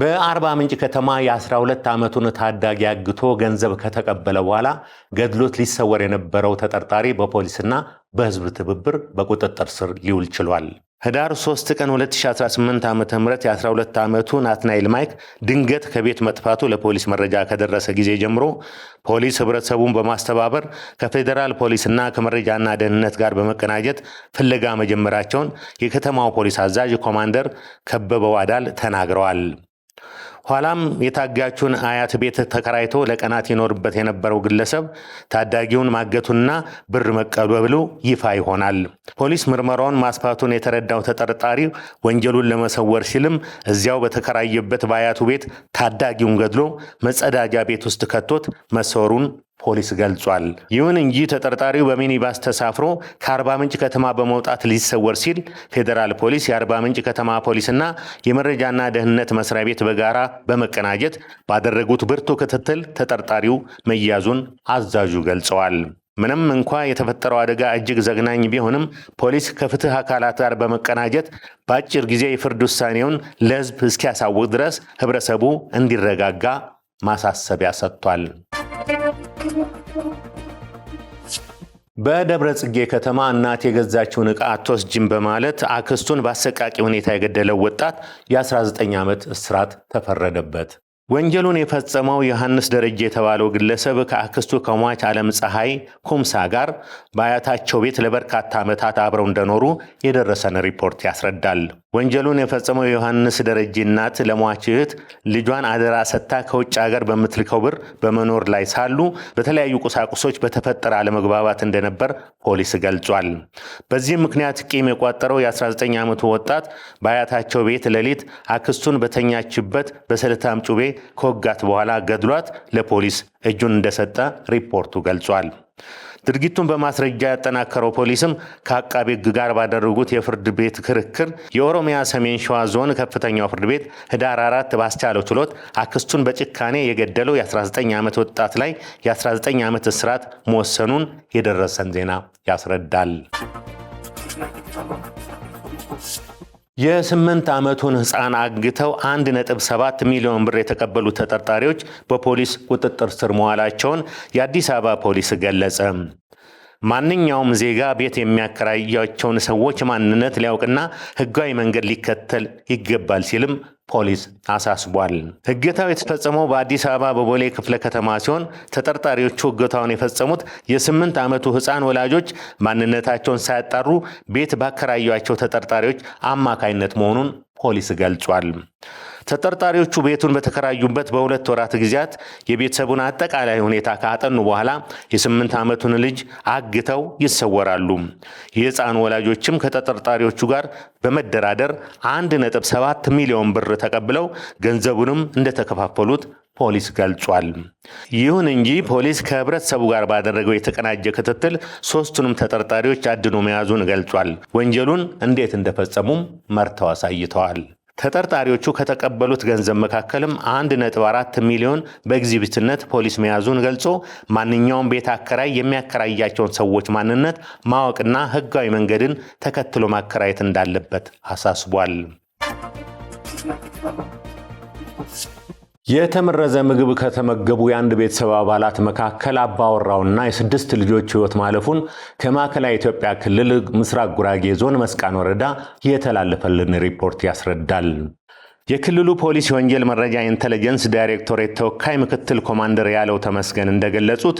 በአርባ ምንጭ ከተማ የ12 ዓመቱን ታዳጊ አግቶ ገንዘብ ከተቀበለ በኋላ ገድሎት ሊሰወር የነበረው ተጠርጣሪ በፖሊስና በሕዝብ ትብብር በቁጥጥር ስር ሊውል ችሏል። ህዳር 3 ቀን 2018 ዓ ም የ12 ዓመቱ ናትናኤል ማይክ ድንገት ከቤት መጥፋቱ ለፖሊስ መረጃ ከደረሰ ጊዜ ጀምሮ ፖሊስ ህብረተሰቡን በማስተባበር ከፌዴራል ፖሊስና ከመረጃና ደህንነት ጋር በመቀናጀት ፍለጋ መጀመራቸውን የከተማው ፖሊስ አዛዥ ኮማንደር ከበበው አዳል ተናግረዋል። ኋላም የታጋቹን አያት ቤት ተከራይቶ ለቀናት ይኖርበት የነበረው ግለሰብ ታዳጊውን ማገቱና ብር መቀበሉ ይፋ ይሆናል። ፖሊስ ምርመራውን ማስፋቱን የተረዳው ተጠርጣሪ ወንጀሉን ለመሰወር ሲልም እዚያው በተከራየበት በአያቱ ቤት ታዳጊውን ገድሎ መጸዳጃ ቤት ውስጥ ከቶት መሰወሩን ፖሊስ ገልጿል። ይሁን እንጂ ተጠርጣሪው በሚኒባስ ተሳፍሮ ከአርባ ምንጭ ከተማ በመውጣት ሊሰወር ሲል ፌዴራል ፖሊስ የአርባ ምንጭ ከተማ ፖሊስና የመረጃና ደህንነት መስሪያ ቤት በጋራ በመቀናጀት ባደረጉት ብርቱ ክትትል ተጠርጣሪው መያዙን አዛዡ ገልጸዋል። ምንም እንኳ የተፈጠረው አደጋ እጅግ ዘግናኝ ቢሆንም ፖሊስ ከፍትህ አካላት ጋር በመቀናጀት በአጭር ጊዜ የፍርድ ውሳኔውን ለህዝብ እስኪያሳውቅ ድረስ ህብረተሰቡ እንዲረጋጋ ማሳሰቢያ ሰጥቷል። በደብረ ጽጌ ከተማ እናት የገዛችውን ዕቃ አትወስጅም በማለት አክስቱን በአሰቃቂ ሁኔታ የገደለው ወጣት የ19 ዓመት እስራት ተፈረደበት። ወንጀሉን የፈጸመው ዮሐንስ ደረጀ የተባለው ግለሰብ ከአክስቱ ከሟች ዓለም ፀሐይ ኩምሳ ጋር በአያታቸው ቤት ለበርካታ ዓመታት አብረው እንደኖሩ የደረሰን ሪፖርት ያስረዳል። ወንጀሉን የፈጸመው የዮሐንስ ደረጀ እናት ለሟች እህት ልጇን አደራ ሰጥታ ከውጭ ሀገር በምትልከው ብር በመኖር ላይ ሳሉ በተለያዩ ቁሳቁሶች በተፈጠረ አለመግባባት እንደነበር ፖሊስ ገልጿል። በዚህም ምክንያት ቂም የቋጠረው የ19 ዓመቱ ወጣት በአያታቸው ቤት ሌሊት አክስቱን በተኛችበት በስለታም ጩቤ ከወጋት በኋላ ገድሏት ለፖሊስ እጁን እንደሰጠ ሪፖርቱ ገልጿል። ድርጊቱን በማስረጃ ያጠናከረው ፖሊስም ከአቃቤ ሕግ ጋር ባደረጉት የፍርድ ቤት ክርክር የኦሮሚያ ሰሜን ሸዋ ዞን ከፍተኛው ፍርድ ቤት ህዳር አራት ባስቻለው ችሎት አክስቱን በጭካኔ የገደለው የ19 ዓመት ወጣት ላይ የ19 ዓመት እስራት መወሰኑን የደረሰን ዜና ያስረዳል። የስምንት ዓመቱን ህፃን አግተው 1.7 ሚሊዮን ብር የተቀበሉ ተጠርጣሪዎች በፖሊስ ቁጥጥር ስር መዋላቸውን የአዲስ አበባ ፖሊስ ገለጸ። ማንኛውም ዜጋ ቤት የሚያከራያቸውን ሰዎች ማንነት ሊያውቅና ህጋዊ መንገድ ሊከተል ይገባል ሲልም ፖሊስ አሳስቧል። እገታው የተፈጸመው በአዲስ አበባ በቦሌ ክፍለ ከተማ ሲሆን ተጠርጣሪዎቹ እገታውን የፈጸሙት የስምንት ዓመቱ ሕፃን ወላጆች ማንነታቸውን ሳያጣሩ ቤት ባከራዩቸው ተጠርጣሪዎች አማካይነት መሆኑን ፖሊስ ገልጿል። ተጠርጣሪዎቹ ቤቱን በተከራዩበት በሁለት ወራት ጊዜያት የቤተሰቡን አጠቃላይ ሁኔታ ካጠኑ በኋላ የስምንት ዓመቱን ልጅ አግተው ይሰወራሉ። የህፃን ወላጆችም ከተጠርጣሪዎቹ ጋር በመደራደር 1.7 ሚሊዮን ብር ተቀብለው ገንዘቡንም እንደተከፋፈሉት ፖሊስ ገልጿል። ይሁን እንጂ ፖሊስ ከህብረተሰቡ ጋር ባደረገው የተቀናጀ ክትትል ሶስቱንም ተጠርጣሪዎች አድኖ መያዙን ገልጿል። ወንጀሉን እንዴት እንደፈጸሙም መርተው አሳይተዋል። ተጠርጣሪዎቹ ከተቀበሉት ገንዘብ መካከልም አንድ ነጥብ አራት ሚሊዮን በኤግዚቢትነት ፖሊስ መያዙን ገልጾ ማንኛውም ቤት አከራይ የሚያከራያቸውን ሰዎች ማንነት ማወቅና ህጋዊ መንገድን ተከትሎ ማከራየት እንዳለበት አሳስቧል። የተመረዘ ምግብ ከተመገቡ የአንድ ቤተሰብ አባላት መካከል አባወራውና የስድስት ልጆች ሕይወት ማለፉን ከማዕከላዊ ኢትዮጵያ ክልል ምስራቅ ጉራጌ ዞን መስቃን ወረዳ የተላለፈልን ሪፖርት ያስረዳል። የክልሉ ፖሊስ የወንጀል መረጃ ኢንተለጀንስ ዳይሬክቶሬት ተወካይ ምክትል ኮማንደር ያለው ተመስገን እንደገለጹት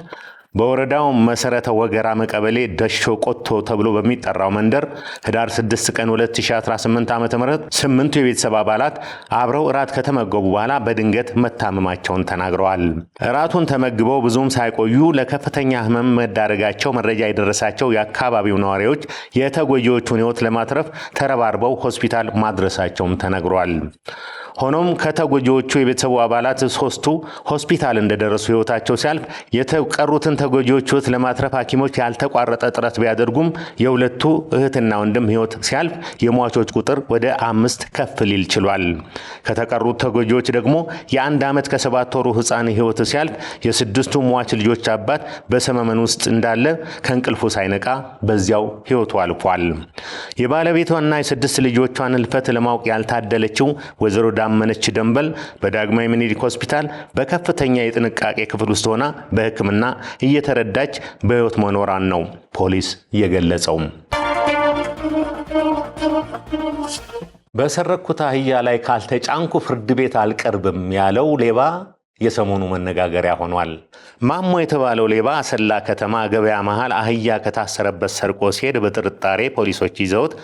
በወረዳው መሰረተ ወገራ መቀበሌ ደሾ ቆቶ ተብሎ በሚጠራው መንደር ህዳር 6 ቀን 2018 ዓ.ም ስምንቱ የቤተሰብ አባላት አብረው እራት ከተመገቡ በኋላ በድንገት መታመማቸውን ተናግረዋል። እራቱን ተመግበው ብዙም ሳይቆዩ ለከፍተኛ ህመም መዳረጋቸው መረጃ የደረሳቸው የአካባቢው ነዋሪዎች የተጎጂዎቹን ህይወት ለማትረፍ ተረባርበው ሆስፒታል ማድረሳቸውም ተነግሯል። ሆኖም ከተጎጂዎቹ የቤተሰቡ አባላት ሶስቱ ሆስፒታል እንደደረሱ ህይወታቸው ሲያልፍ የተቀሩትን ተጎጂዎች ህይወት ለማትረፍ ሐኪሞች ያልተቋረጠ ጥረት ቢያደርጉም የሁለቱ እህትና ወንድም ህይወት ሲያልፍ የሟቾች ቁጥር ወደ አምስት ከፍ ሊል ችሏል። ከተቀሩት ተጎጂዎች ደግሞ የአንድ ዓመት ከሰባት ወሩ ህፃን ህይወት ሲያልፍ የስድስቱ ሟች ልጆች አባት በሰመመን ውስጥ እንዳለ ከእንቅልፉ ሳይነቃ በዚያው ህይወቱ አልፏል። የባለቤቷና የስድስት ልጆቿን ህልፈት ለማወቅ ያልታደለችው ወይዘሮ ዳመነች ደንበል በዳግማዊ ምኒልክ ሆስፒታል በከፍተኛ የጥንቃቄ ክፍል ውስጥ ሆና በሕክምና እየተረዳች በሕይወት መኖሯን ነው ፖሊስ የገለጸው። በሰረኩት አህያ ላይ ካልተጫንኩ ፍርድ ቤት አልቀርብም ያለው ሌባ የሰሞኑ መነጋገሪያ ሆኗል። ማሞ የተባለው ሌባ አሰላ ከተማ ገበያ መሃል አህያ ከታሰረበት ሰርቆ ሲሄድ በጥርጣሬ ፖሊሶች ይዘውት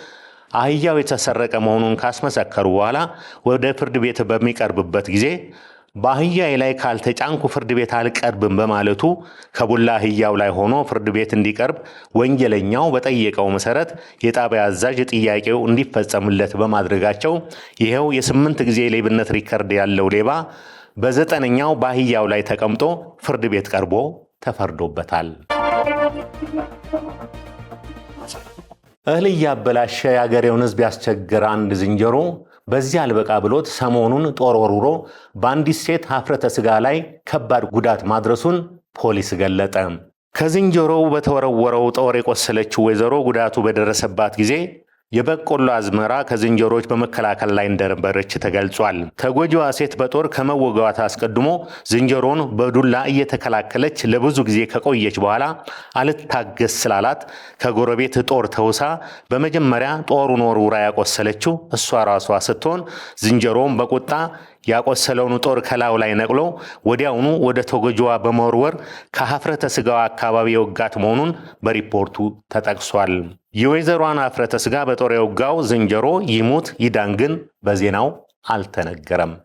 አህያው የተሰረቀ መሆኑን ካስመሰከሩ በኋላ ወደ ፍርድ ቤት በሚቀርብበት ጊዜ በአህያዬ ላይ ካልተጫንኩ ፍርድ ቤት አልቀርብም በማለቱ ከቡላ አህያው ላይ ሆኖ ፍርድ ቤት እንዲቀርብ ወንጀለኛው በጠየቀው መሰረት የጣቢያ አዛዥ ጥያቄው እንዲፈጸምለት በማድረጋቸው ይኸው የስምንት ጊዜ ሌብነት ሪከርድ ያለው ሌባ በዘጠነኛው በአህያው ላይ ተቀምጦ ፍርድ ቤት ቀርቦ ተፈርዶበታል። እህል እያበላሸ የአገሬውን ሕዝብ ያስቸገረ አንድ ዝንጀሮ በዚህ አልበቃ ብሎት ሰሞኑን ጦር ወርውሮ በአንዲት ሴት ሀፍረተ ሥጋ ላይ ከባድ ጉዳት ማድረሱን ፖሊስ ገለጠ። ከዝንጀሮው በተወረወረው ጦር የቆሰለችው ወይዘሮ ጉዳቱ በደረሰባት ጊዜ የበቆሎ አዝመራ ከዝንጀሮች በመከላከል ላይ እንደነበረች ተገልጿል። ተጎጂዋ ሴት በጦር ከመወጋት አስቀድሞ ዝንጀሮን በዱላ እየተከላከለች ለብዙ ጊዜ ከቆየች በኋላ አልታገስ ስላላት ከጎረቤት ጦር ተውሳ በመጀመሪያ ጦሩን ወርውራ ያቆሰለችው እሷ ራሷ ስትሆን ዝንጀሮውን በቁጣ ያቆሰለውን ጦር ከላዩ ላይ ነቅሎ ወዲያውኑ ወደ ተጎጂዋ በመወርወር ከሀፍረተ ስጋዋ አካባቢ የወጋት መሆኑን በሪፖርቱ ተጠቅሷል። የወይዘሯን ሀፍረተ ስጋ በጦር የወጋው ዝንጀሮ ይሙት ይዳን ግን በዜናው አልተነገረም።